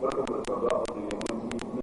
quando mandou a obra,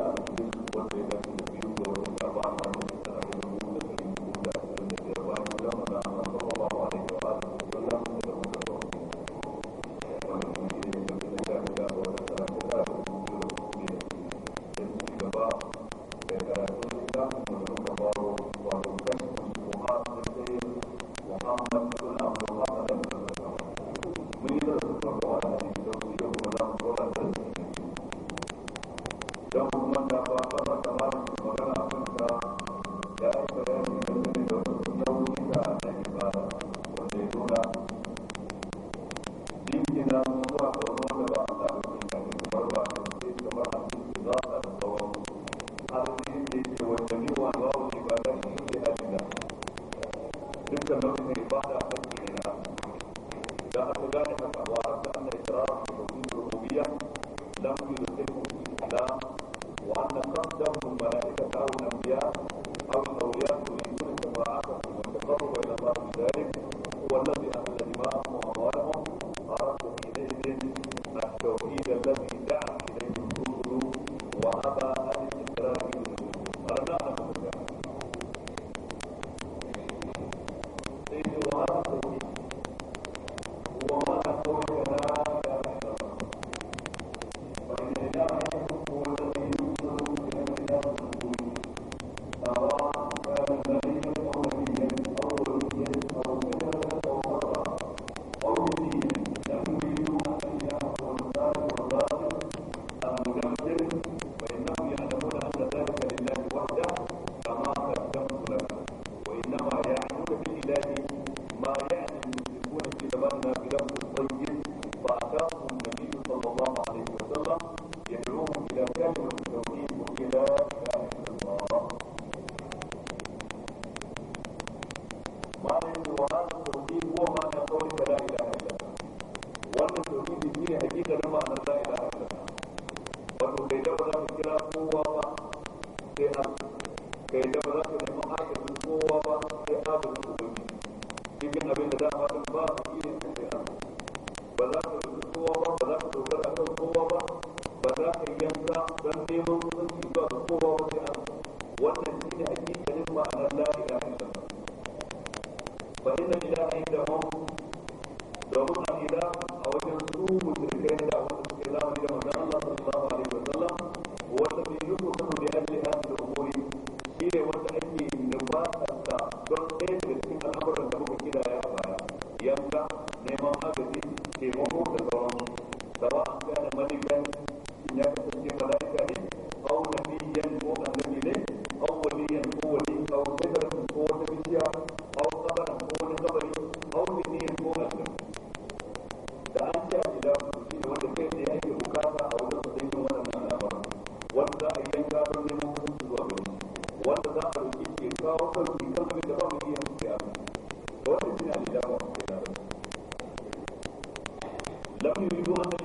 Gracias. cikin abin da dama ba su iya tafiya ba za su kowa ba ba za su فإن الإله عندهم دومنا إله أو ينسوه تلك عند أول الكلام إلى مدى الله صلى الله لم يريدوا أن